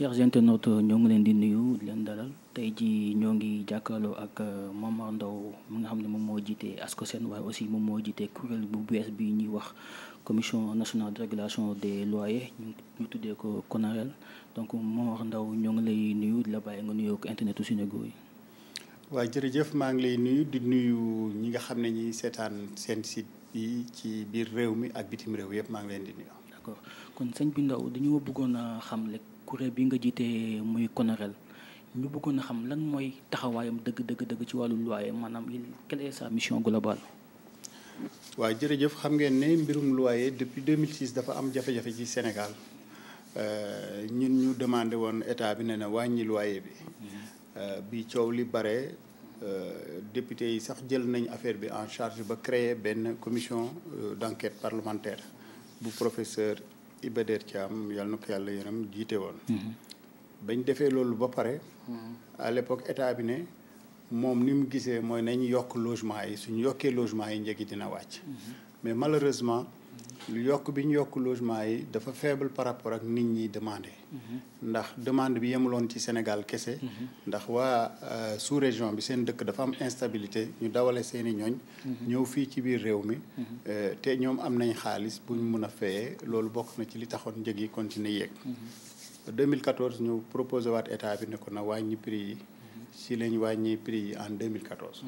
chers internautes ñoo ngi leen di nuyu leen dalal tey ji ñoo ngi jàkkaaloo ak euh, Momar Ndao mi nga xam ne moom moo jiite seen waaye aussi moom moo jiite kuréel bu bees bi ñuy wax commission nationale de régulation des loyers ñu tuddee ko CONAREL donc Momar ndaw ñoo ngi lay nuyu la bàyyi nga nuyoo ak internet ne Sénégal yi waaw jërëjëf maa ngi lay nuyu di nuyu ñi nga xam ne ñi seetaan seen site yi ci biir réew mi ak bitim réew yëpp maa ngi leen di nuyu. a xam rek kuréel bi nga jiitee muy CONOREL ñu bëggoon a xam lan mooy taxawaayam dëgg dëgg dëgg ci wàllu loyer maanaam quelle est sa mission globale. waaw jërëjëf xam ngeen ne mbirum loyer depuis 2006 dafa am jafe-jafe ci Sénégal euh, ñun ñu demandé woon état bi ne na wàññi loyer bi euh, bi coow li bare euh, député yi sax jël nañ affaire bi en charge ba créer benn commission d'enquête parlementaire bu professeur Iba Der Thiam yal na ko yàlla yërëm jiite woon. Mhm. bañ defee loolu ba pare. Mhm. à l'époque état bi ne moom ni mu gisee mooy nañ yokk logement yi suñu yokkee logement yi njëgi dina wàcc. Mhm. mais malheureusement. yokk bi ñu yokk logement yi dafa faible par rapport ak nit ñi demandé. Mhm. ndax demande bi yemuloon ci Sénégal kese. Mhm. ndax waa euh, sous région bi seen dëkk dafa am instabilité ñu dawale seen i ñooñ. Mhm. ñëw fii ci biir réew mi. Euh, te ñoom am nañ xaalis bu ñu mun a fayee loolu bokk na ci li taxoon njëg yi continuer yeeg. 2014 ñu proposé waat état bi ne ko na wàññi prix yi. si lañ wàññi prix yi en 2014.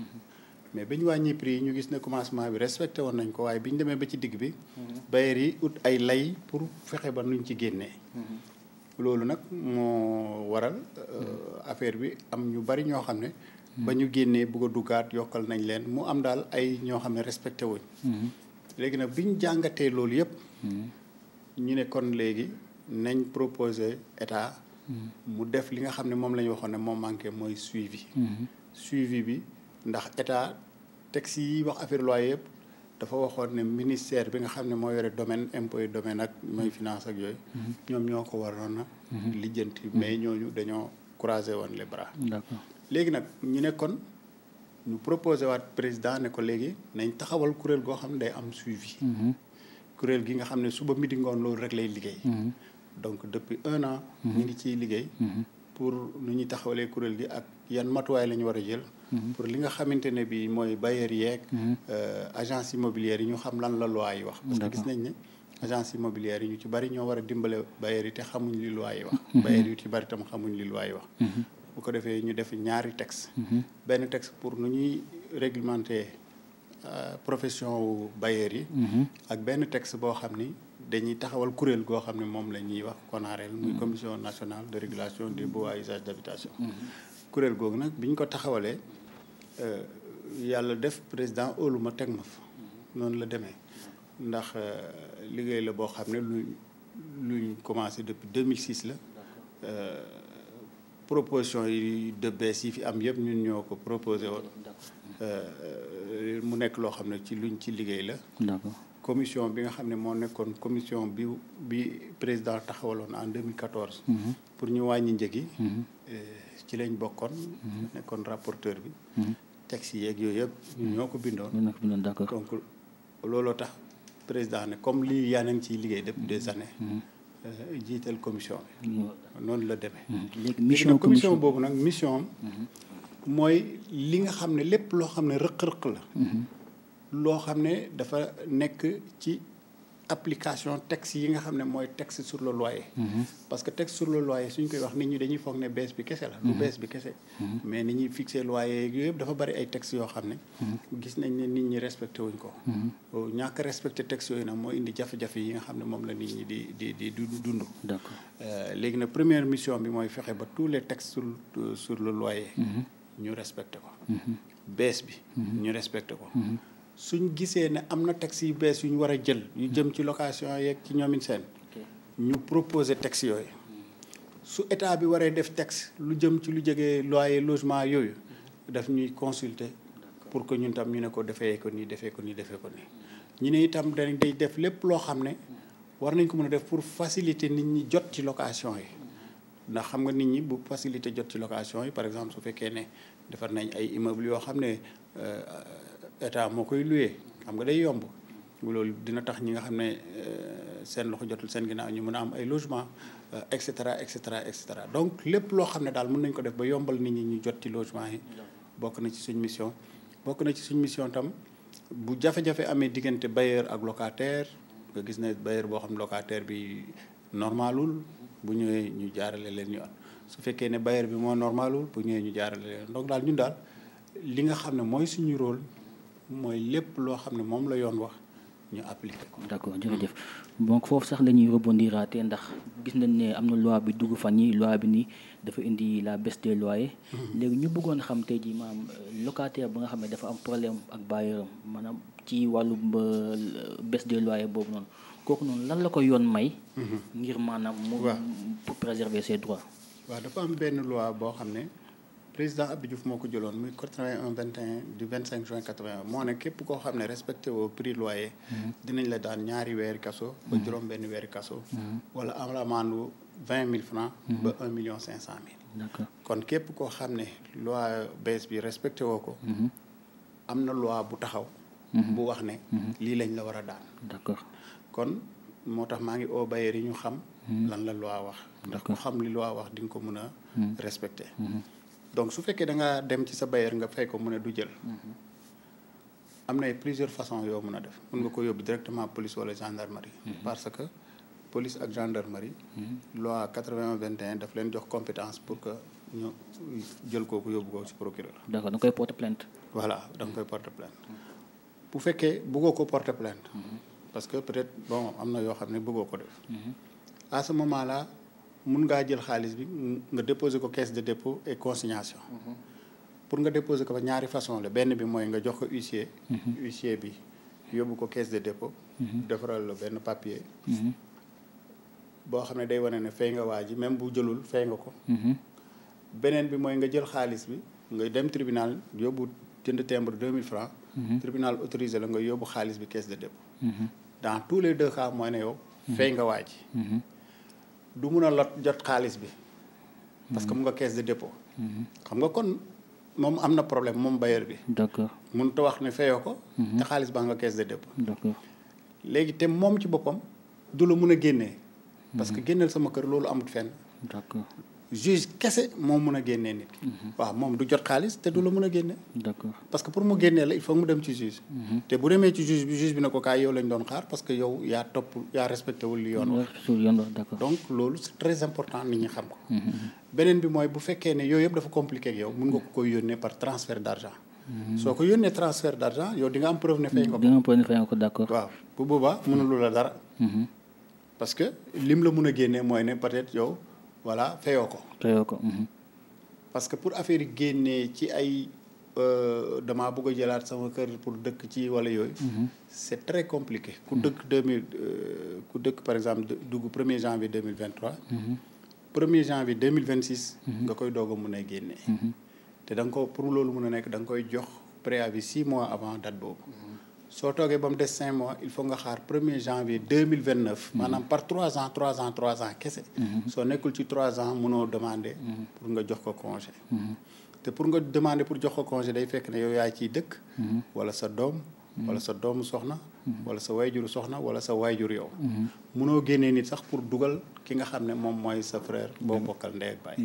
mais ba ñu wàññi pris yi ñu gis ne commencement bi respecté woon nañ ko waaye bi ñu demee ba ci digg bi. Mhm. bailleur yi ut ay lay pour fexe ba nuñ ci génnee. Mhm. loolu nag moo waral euh, affaire bi am ñu bari ñoo xam ne. Mhm. ba ñu génnee bëgg a duggaat yokkal nañ leen mu am daal ay ñoo xam ne respecté wuñ. léegi nag bi ñu jàngatee loolu yëpp. ñu ne kon léegi nañ proposé état. mu def li nga xam ne moom la ñu waxoon ne moo manqué mooy suivi. suivi bi. ndax état texte yi wax affaire loi yëpp dafa waxoon ne ministère bi nga xam ne moo yore domaine impôt yi domaine ak mooy mm-hmm. finance ak yooyu. Mm-hmm. ñoom ñoo ko waroon a. Mm-hmm. lijjanti mais ñooñu dañoo croiser woon les bras. léegi nag ñu nekkoon ñu proposé waat président ne ko léegi nañ taxawal kuréel goo xam ne day am suivi. kuréel gi nga xam ne suba midi ngoon loolu rek lay liggéey. donc depuis un an. ñu ngi ciy liggéey. pour nu ñuy taxawalee kuréel gi ak yan matuwaay la ñu war a jël. Mm-hmm. pour li nga xamante ne bi mooy bailleurs yeeg mm-hmm. euh, agence immobilière yi ñu xam lan la loi yi wax parce que gis nañ ne agence immobilière yi ñu ci bari ñoo war a dimbale bailleurs yi te xamuñ li loi yi wax mm-hmm. bailleurs yu ci bari tam xamuñ li loi yi wax bu ko defee ñu def ñaari texte benn texte pour nu ñuy réglementer euh, profession wu bailleurs yi ak benn texte boo xam ni dañuy taxawal kuréel goo xam ne moom la ñuy wax CONAREL muy commission nationale de régulation des baux kuréel googu nag bi ñu ko taxawalee Euh, yàlla def président óolu ma teg ma fa noonu la demee ndax euh, liggéey la boo xam ne lu luñ commencé depuis 2006 la euh, proposition yi de bees yi fi am yëpp ñun ñoo ko proposé woon mu nekk loo xam ne ci luñ ci liggéey la commission bi nga xam ne moo nekkoon commission bi bi président taxawaloon en 2014. Mhm. pour ñu wàññi njëg mhm. eh, ci lañ bokkoon. Mhm. nekkoon rapporteur bi. texte yeeg yooyu yëpp ñoo ko bindoon. ñoo ko bindoon d'accord donc looloo tax président ne comme lii yaa nañ ciy liggéey depuis des années. Eh, jiital commission bi. noonu la demee. léegi mission commission boobu nag mission am. mooy li nga xam ne lépp loo xam ne rëq-rëq la. loo xam ne dafa nekk ci application texte yi nga xam ne mooy texte sur le loyer. Mhm. parce que texte sur le loyer suñ koy wax nit ñi dañuy foog ne bees bi kese la. lu mhm. bees bi kese. Mhm. mais ni ñuy fixé loyer yooyu yëpp dafa bari ay textes yoo xam ne. gis nañ ne nit ñi respecté wuñ ko. ñàkk respecté textes yooyu nag moo indi jafe-jafe yi nga xam ne moom la nit ñi di di di dund. d'accord euh, léegi nag première mission bi mooy fexe ba tous les textes sur sur le loyer. ñu respecté ko. bees ñu respecté ko. suñ gisee ne am na taxi yu bees yu ñu war a jël yu jëm ci location yeeg ci ñoomin seen ñu proposer taxi yooyu su état bi waree def taxe lu jëm ci lu jege loyer logement yooyu daf ñuy consulter pour que ñun tam ñu ne ko defee ko nii defee ko nii defee ko nii ñu ne itam dañ day def lépp loo xam ne war nañ ko mën a def pour faciliter nit ñi jot ci location yi ndax xam nga nit ñi bu faciliter jot ci location yi par exemple su fekkee ne defar nañ ay immeuble yoo xam ne euh, état moo koy luyee xam nga day yomb loolu dina tax ñi nga xam ne euh, seen loxo jotul seen ginnaaw ñu mën a am ay logement euh, et cetera et cetera et cetera donc lépp loo xam ne daal mën nañ ko def ba yombal nit ñi ñu jot ci logement yi bokk na ci suñ mission bokk na ci suñ mission tam bu jafe-jafe amee diggante bailleur ak locataire nga gis ne bailleur boo xam ne locataire bi normalul bu ñëwee ñu jaarale leen ñu su fekkee ne bailleur bi moo normalul bu ñëwee ñu jaarale leen donc daal ñun daal li nga xam ne mooy suñu rôle mooy lépp loo xam ne moom la yoon wax ñu appliqué ko. d'accord jërëjëf donc foofu sax la ñuy rebondiraate ndax gis nañ ne am na loi bi dugg fan yi loi bi nii dafa indi la baisse des mm-hmm. léegi ñu bëggoon xam tey jii maanaam euh, locataire ba nga xam ne dafa am problème ak bailleuram maanaam ci wàllu euh, baisse des boobu noonu kooku noonu lan la ko yoon may. Mm-hmm. ngir maanaam mu préserver ses droits. waaw dafa am benn loi boo xam ne. président Abdou Diouf moo ko jëloon muy 81 21 du 25 juin 81 moo ne képp koo xam ne respecté woo prix loyer. Mhm. dinañ la daan ñaari weeri kaso. ba mhm. juróom benn weeri kaso. Mhm. wala am amende vingt mille francs ba un million cinq cent mille. kon képp koo xam ne loi bees bi respecté woo ko. am na loi bu taxaw. bu wax ne. lii lañ la war a daan. d'accord kon moo tax maa ngi oo bayeer yi ñu xam. lan la loi wax. ndax ku xam li loi wax di nga ko mën a respecté. donc su fekkee da ngaa dem ci sa bailleur nga fay ko mu ne du jël. Mm-hmm. am na plusieurs façons yoo mun a def mën nga ko yóbbu directement police wala gendarmerie. Mm-hmm. parce que police ak gendarmerie. Mm-hmm. loi 81 21 daf leen jox compétence pour que ñu jël kooku yóbbu ko si procureur. d'accord da koy porter plainte. voilà danga koy porter plainte. bu fekkee bëggoo ko porter plainte. parce que peut-être bon am na yoo xam ne bëggoo ko def. à ce mun ngaa jël xaalis bi nga déposer ko caisse de dépôt et consignation. Mhm. pour nga déposer ko fa ñaari façon la benn bi mooy nga jox ko huissier. Mhm. huissier bi yóbbu ko caisse de dépôt. Mhm. defaral la benn papier. boo xam ne day wane ne fay nga waa ji même bu jëlul fay nga ko. beneen bi mooy nga jël xaalis bi nga dem tribunal yóbbu jënd timbre deux mille francs. tribunal autorisé la nga yóbbu xaalis bi caisse de dépôt. dans tous les deux cas mooy ne yow. fay nga waa ji. du mun a lot jot xaalis bi. parce que mu nga caisse de dépôt. xam nga kon moom am na problème moom bailleur bi. d'accord mënut wax ne feyoo ko. Mhm. te xaalis baa nga caisse de dépôt. léegi te moom ci boppam du la mun a génnee. parce que mhm. génneel sama kër loolu amut fenn. d'accord juge kese moo mun a génne nit mhm. waaw moom du jot xaalis te du la mun a génne. d'accord parce que pour mu génnee la il faut mu dem ci juge. Mhm. te bu demee ci juge bi juge bi ne ko kaay yow lañ doon xaar parce que yaa topp yaa respecté wul li yoon wax. donc loolu c'est très mhm, bi mooy bu fekkee ne yooyu yëpp dafa compliqué ak yow mun ko d'argent. soo ko yónnee transfert d'argent yow di nga am preuve ne fay nga ko. di nga am preuve ne fay nga ko d'accord. waaw bu boobaa mënuloo la dara. parce que lim la mun a génnee mooy ne peut yow. voilà feyoo ko. feyoo mhm. parce que pour affaire yi génnee ci ay euh, damaa bugg a jëlaat sama kër pour dëkk ci wala yooyu. Mhm. c' est très compliqué. ku mhm. dëkk deux mille euh, ku dëkk par exemple dugg premier janvier deux mille vingt trois. premier janvier deux mille vingt six. nga koy doog a mun a génnee. te danga ko pour loolu mun a nekk da nga koy jox préavis six mois avant date boobu. soo toogee ba mu des cinq mois il faut nga xaar premier janvier deux mille vingt neuf. Mm-hmm. maanaam par trois ans trois ans trois ans kese. Mm-hmm. soo nekkul ci trois ans mënoo demander. Mm-hmm. pour nga jox ko congé. te pour nga demander pour jox ko congé day fekk ne yow yaay ciy dëkk. wala sa doom. wala sa doomu soxna. wala sa wayjuru soxna wala sa wayjur yow. mënoo génnee nit sax pour dugal ki nga xam ne moom mooy sa frère. boo bokkal ndey ak baay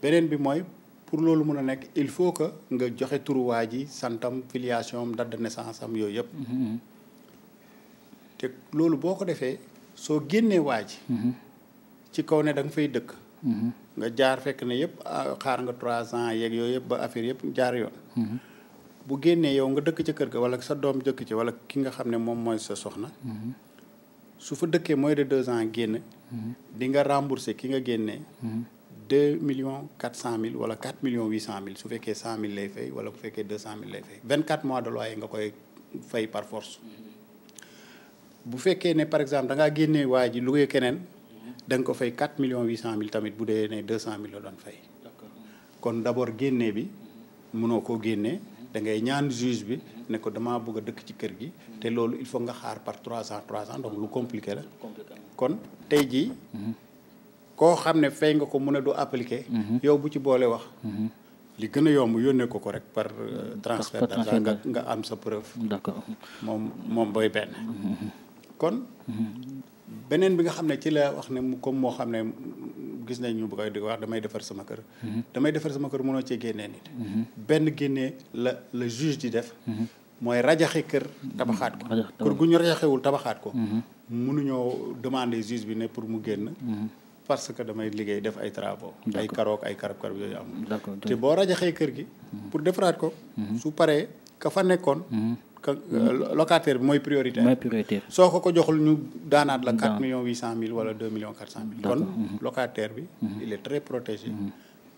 beneen bi mooy. pour loolu mën a nekk il faut que nga joxe turuwaa ji santam filiation am date de yooyu yëpp. Mm-hmm. te loolu boo ko defee soo génnee waa ji. Mm-hmm. ci kaw ne danga fay dëkk. Mm-hmm. nga jaar fekk ne yëpp ah, xaar nga trois ans yeeg yooyu yëpp ba affaire yëpp jaar yoon. bu génnee yow nga dëkk ca kër ga wala sa doom dëkk ci wala ki nga xam ne moom mooy sa soxna. su fa dëkkee mooy de deux ans génn. di nga rembourser ki nga génnee. deux millions quatre cent mille wala quatre millions huit cent mille su fekkee cent mille lay fay wala bu fekkee deux cent mille lay vingt quatre mois de loyer nga koy fay par force mm-hmm. bu fekkee ne par exemple dangaa ngaa génnee waa ji loué keneen mm-hmm. da ko fay quatre millions huit cent mille bu dee ne deux cent mille la doon fay kon d'abord génnee bi mënoo mm-hmm. koo génnee da ngay ñaan juge bi ne ko damaa bëgg dëkk ci kër gi te loolu il faut nga xaar par trois ans trois ans lu compliqué la kon tey jii koo xam ne fay nga ko mu ne du appliquer. Mhm. yow bu ci boole wax. Mhm. li gën a yomb yónnee ko ko rek par euh, transfert d'argent nga nga am sa preuve. d'accord moom moom booy benn. Mhm. kon beneen bi nga xam ne ci la wax ne comme moo xam ne gis nañ ñu bëgg di wax damay defar sama kër. damay defar sama kër mënoo cee génnee nit. benn génnee la la juge di def. mooy rajaxe kër tabaxaat ko kër gu ñu rajaxewul tabaxaat ko. mënuñoo demander juge bi ne pour mu génn. parce que damay liggéey def ay travaux. ay karook ay karab karab yooyu am. te boo rajaxee kër gi. pour defaraat ko. Mhm. su paree ka fa nekkoon. Mhm. Euh, locataire bi mooy prioritaire. mooy soo ko ko joxul ñu daanaat la 4 millions cent mille wala 2 millions 400 mille. kon mhm. locataire bi. il est très protégé.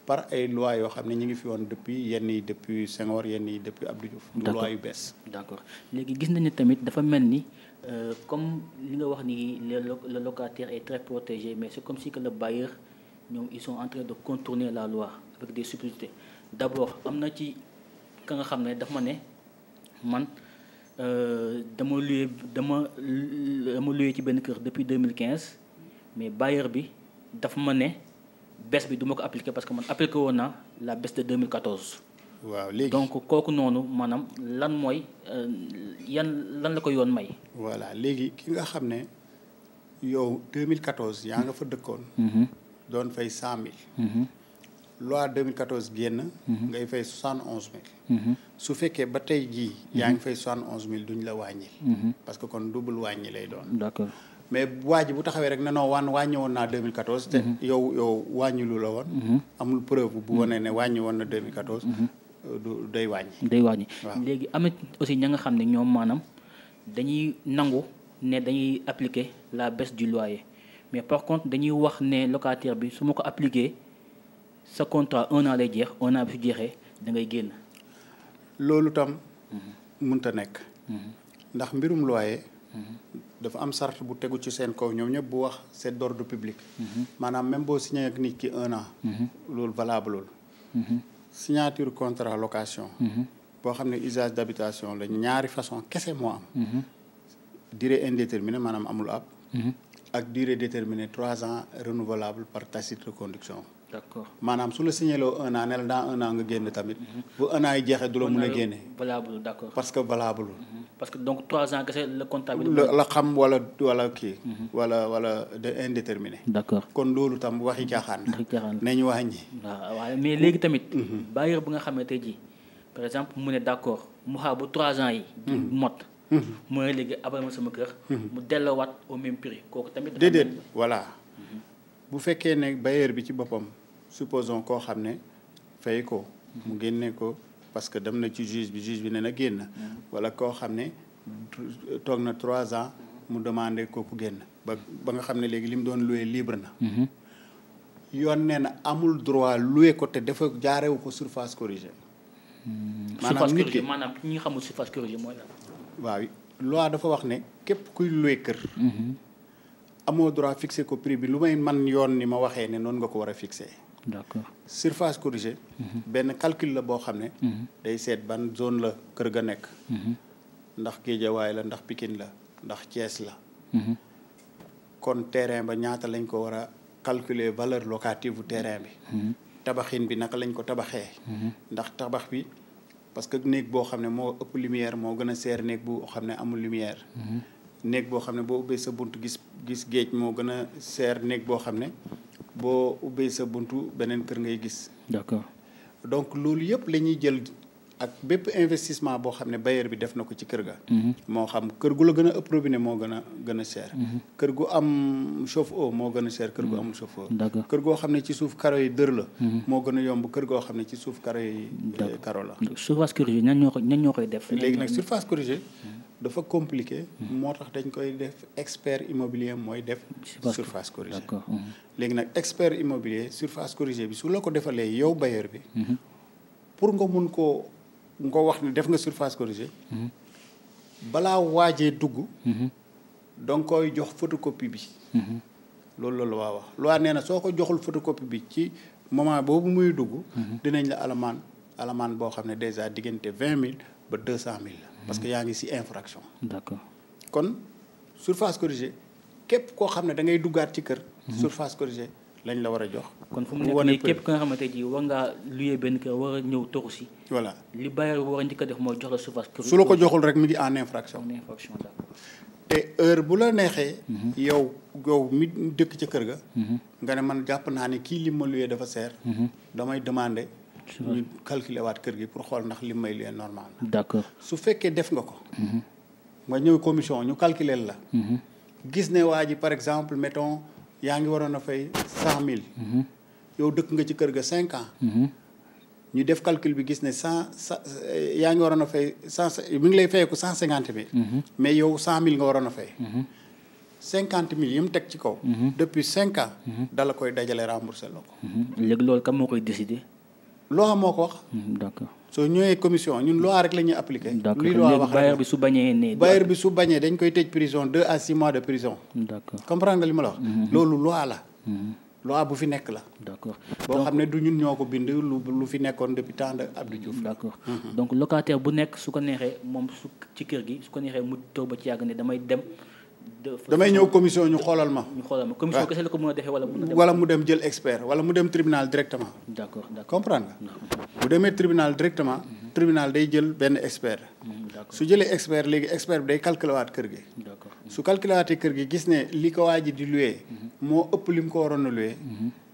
par ay loi yoo xam ne ñu ngi fi woon depuis yenn yi depuis Senghor yenn yi depuis Abdou Diouf. du loi yu bees. d' accord léegi gis nañu tamit dafa mel ni. Euh, comme li nga wax ni le locataire est très protégé mais c'est comme si que le bailleur ñoom ils sont en de contourner la loi avec des subtilités d'abord am na ci ka nga xam ne daf ma ne man euh, dama luye dama dama luye ci benn kër depuis 2015 mais bailleur bi daf ma ne baisse bi du ma ko appliquer parce que man appliqué woon naa la baisse de 2014 waaw léegi donc kooku noonu maanaam lan mooy euh, yan lan la ko yoon may. voilà léegi ki nga xam ne yow mille 2014 yaa nga fa dëkkoon. Mm-hmm. doon fay 100000. Mm-hmm. loi 2014 génn. Mm-hmm. ngay fay 71000. su fekkee ba tey jii. yaa ngi fay 71000 duñ la wàññil. parce que kon double wàññi lay doon. d'accord. mais waa ji bu taxawee rek ne non waan wàññi woon naa 2014. te yow yow wàññilu la woon. amul preuve bu wane ne wàññi woon na 2014. du day wàññi. day wàññi léegi amit aussi ña nga xam ne ñoom maanaam dañuy nangu ne dañuy appliquer la baisse du loyer mais par contre dañuy wax ne locataire bi su ma ko appliquer sa contrat un an lay jeex un an bi su jeexee da ngay génn. loolu tam. mënut mhm. a nekk. Mhm. ndax mbirum loyer. Mhm. dafa am sart bu tegu ci seen kaw ñoom ñëpp bu wax c'est d'ordre public. maanaam même boo signé ak nit ki un an. loolu valable signature contrat location. Mhm. boo xam ne usage d'habitation la ñaari façon kese moo am. Mhm. durée indéterminée maanaam amul ab. Mhm. ak durée déterminée trois ans renouvelable par tacite reconduction. d'accord maanaam su la signaloo un an ne la dans un an nga génn tamit. Mhm. bu un jeexee du la mun a génne. valable d'accord parce que valable. Mhm. parce que donc trois ans kese la comptable. la xam wala kii. Mhm. wala wala de indéterminé. d'accord kon loolu tam waxi caaxaan. waxi caaxaan nañu wàññi. waaw waaye mais léegi tamit. bailleur bu nga xamante ji par exemple mu ne d'accord mu xaar ba trois ans yi. mot. mooy léegi abal ma sama kër. mu delloowaat au même prix kooku ci boppam. supposons koo xam ne fay ko mu génne ko parce que dem na ci juge bi juge bi ne na génn wala koo xam ne toog na trois ans mu demandé kooku génn ba ba nga xam ne léegi li mu doon loué libre na mhm. yoon nee na amul droit loué ko te dafa jaarewu ko surface corrigée hmm. maanaam nit ki maanaam ñi xamul surface corrigée mooy la waaw loi dafa wax ne képp kuy loué kër mhm. amoo droit fixé ko prix bi lu may man yoon ni ma waxee ne noonu nga ko war a fixé d'accord surface corrigée. Mhm. benn calcul la boo xam ne. Mhm. day seet ban zone la kër ga nekk. Mhm. ndax Géejawaay la ndax pikin la ndax cees la. kon terrain ba ñaata lañ ko war a calculer valeur locative bu terrain bi. tabaxin bi naka lañ ko tabaxee. ndax tabax bi parce que néeg boo xam ne moo ëpp lumière moo gën a seer néeg bu xam ne amul lumière. néeg boo xam ne boo ubbee sa bunt gis gis géej moo gën a seer néeg boo xam ne. boo ubbee sa buntu beneen kër ngay gis. d'accord donc loolu yëpp la ñuy jël ak bépp investissement boo xam ne bailleur bi def na ko ci kër ga. Mhm. moo xam kër gu la gën a ëpp robinet moo gën a gën a cher. Mhm. kër gu am chauffe-eau moo gën a cher kër gu mhm. amul chauffe-eau. kër goo xam ne ci suuf karo yi dër la. moo gën a yomb kër goo xam ne ci suuf karo yi. karo la surface corrigée ñan ñoo koy ñan ñoo koy def. léegi nag surface corrigée. dafa compliqué. moo tax dañ koy def expert immobilier mooy def. surface corrigée d'accord léegi nag expert immobilier surface corrigée bi su la ko defalee yow bailleur bi. Mhm. pour nga mun koo nga wax ni def nga surface corrigée. Mhm. balaa waajee dugg. Mhm. danga koy jox photocopie bi. loolu loolu waa wax loi nee na soo ko joxul photocopie bi ci moment boobu muy dugg. dinañ la alamaan alamaan boo xam ne déjà diggante vingt mille. ba deux cent mille la. parce que yaa ngi ci infraction. d'accord kon surface corrigée képp koo xam ne da ngay duggaat ci kër. Mhm. surface corrigée lañ la war a jox. kon fu mu nekk nii képp ki nga xamante ji war ngaa luyee benn kër war a ñëw toxu si. voilà li bailleur war a njëkk a def mooy jox la surface corrigée. su la ko joxul rek mi ngi en infraction. en infraction te heure bu la neexee. Mhm. yow yow mi dëkk ca kër ga. Mhm. nga ne man jàpp naa ne kii li ma luyee dafa seer. damay demander. ñu calculer waat kër gi pour xool ndax li may leen normal na d'accord su fekkee def nga ko mhm. nga ñëw commission ñu calculer la mhm. gis ne waa ji par exemple mettons yaa ngi waroon a fay cent mille mhm. yow dëkk nga ci kër ga bi gis ne cent yaa ngi waroon a fay cent mi ngi lay fayeeku cent cinquante mille mais yow cent mille nga waroon a fay cinquante mille yi teg ci kaw depuis cinq dala koy dajale remboursé la ko léegi loolu kam moo koy décider loi moo ko wax. Hmm, d'accord soo ñëwee commission ñun loi rek la ñuy appliquer. d'accord li loi wax bailleur bi su bañee ne. bailleur bi su bañee dañ koy tëj prison deux à mois de prison. d'accord comprendre nga li ma la wax. Hmm, hmm, loolu loi la. loi bu fi nekk la. d'accord boo xam ne du ñun ñoo ko bind lu lu fi nekkoon depuis temps de Abdou Diouf. d'accord donc locataire bu nekk su ko neexee moom su ci kër gi su ko neexee mu toog ba ci yàgg ne damay dem. damay ñëw commission ñu xoolal ma. ñu xoolal ma commission ko mën a defee wala mu dem. jël expert wala mu dem tribunal directement. d' accord d' accord bu demee tribunal directement. Mhm. tribunal day jël benn expert. Mhm, su jëlee expert léegi expert bi day calculer waat kër gi. Mhm. su calculate kër gi gis ne li ko waa ji di loué. moo ëpp lim ko waroon a loué.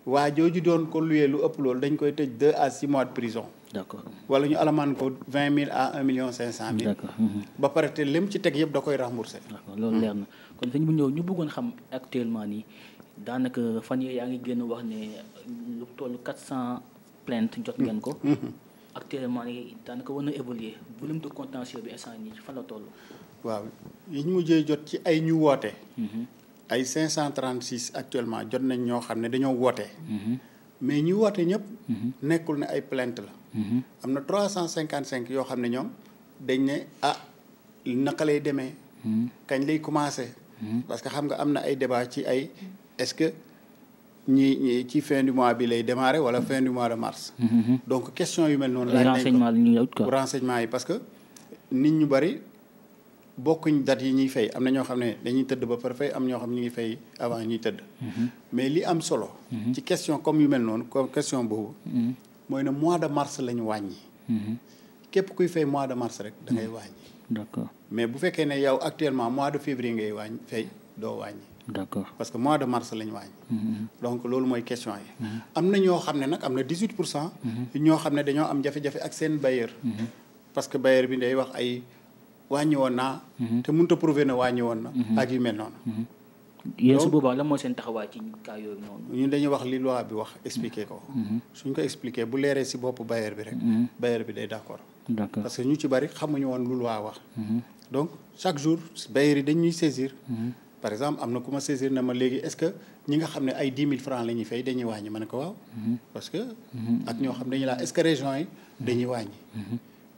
waa jooju doon ko loué lu ëpp loolu dañ koy tëj deux à six mois de prison. d'accord wala ñu alamaan ko vingt mille à un million cinq cent mille. Mhm. ba pare te lim ci teg yëpp da koy rembourser. d'accord loolu leer na kon sëñ bu ñëw xam actuellement nii daanaka fan yaa ngi génn wax ne lu toll quatre cent plaintes jot ngeen ko. Mhm. Mhm. actuellement nii daanaka war na évoluer volume de contentieux bi instant nii fan la toll. waaw yi ñu mujjee jot ci ay ñu woote. ay cinq cent trente six actuellement jot nañ ñoo xam ne dañoo woote. mais ñi woote ñëpp. Mhm. nekkul ne ay plainte la. Mhm. am na trois cent cinquante cinq yoo xam ne ñoom dañ ne ah naka lay demee. Mhm. kañ lay commencé. parce que xam nga am na ay débat ci ay est-ce que ñi ñi ci fin du mois bi lay démarrer wala fin du mois de mars. donc question yu mel noonu. laaj nañ ko renseignement yi parce que nit ñu bari. bokkuñ date yi ñuy fay am na ñoo xam ne dañuy tëdd ba pare fay am ñoo xam ne ñu ngi fay avant ñuy tëdd. Mhm. mais li am solo. Mhm. ci question comme yu mel noonu comme question boobu. Mhm. mooy ne mois de mars la ñu wàññi. képp kuy fay mois de mars rek da ngay wàññi. d'accord mais bu fekkee ne yow actuellement mois de février ngay wàññi fay doo wàññi. d'accord parce que mois de mars la ñu wàññi. donc loolu mooy question yi. am na ñoo xam ne nag am na dix huit pour cent. ñoo xam ne dañoo am jafe-jafe ak seen bailleur. parce que bailleur bi day wax ay. wàññi woon naa. Mhm. te mënut a prouver ne wàññi woon na. Mhm. ak yu mel noonu. Mhm. yéen su boobaa lan moo seen taxawaay ci cas yooyu noonu. ñun dañuy wax li loi bi wax expliquer ko. suñ ko expliquer bu leeree si bopp bailleur bi rek. bailleur bi day d' accord. parce que ñu ci bari xamuñu woon lu loi wax. donc chaque jour bailleur yi dañuy saisir. par exemple am na ku ma saisir na ma léegi est-ce que ñi nga xam ne ay dix mille francs la ñuy fay dañuy wàññi ma ne ko waaw. parce que. ak ñoo xam dañu laa est-ce que région yi dañuy wàññi.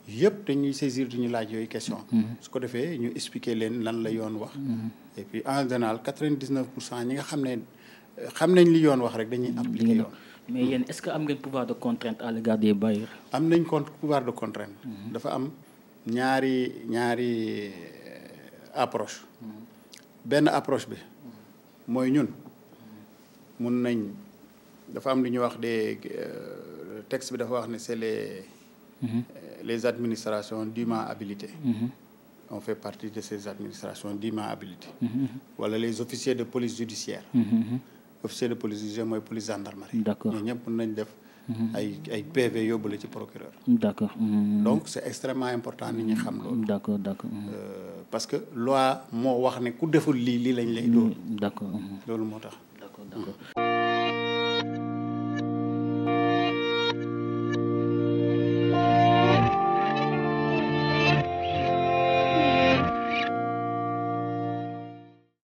yëpp dañuy saisir duñu laaj yooyu question mm-hmm. su ko defee ñu expliquer leen lan la yoon wax mm-hmm. et puis en général quatre-vingt-dix-neuf pour cent ñi nga xam ne euh, xam nañ li yoon wax rek dañuy mm-hmm. appliquer yoon mais yéen est-ce que am ngeen pouvoir de contrainte à l'égard am nañ contre pouvoir de contrainte dafa am ñaari ñaari euh, approche benn approche bi mooy ñun mun nañ dafa am lu ñuy wax des euh, texte bi dafa wax ne c'est les les administrations dûment habilitées. Mhm. on fait partie de ces administrations dûment habilitées. Mhm, mhm. wala les officiers de police judiciaire. officier de police judiciaire mooy police gendarmerie. d'accord ñooñu ñëpp mën nañ def. ay ay PV yóbbu la ci procureur. d'accord donc c'est extrêmement important nit ñi xam loolu. d'accord d'accord. Euh, parce que loi moo wax ne ku deful lii lii lañ lay. loolu d'accord loolu moo tax.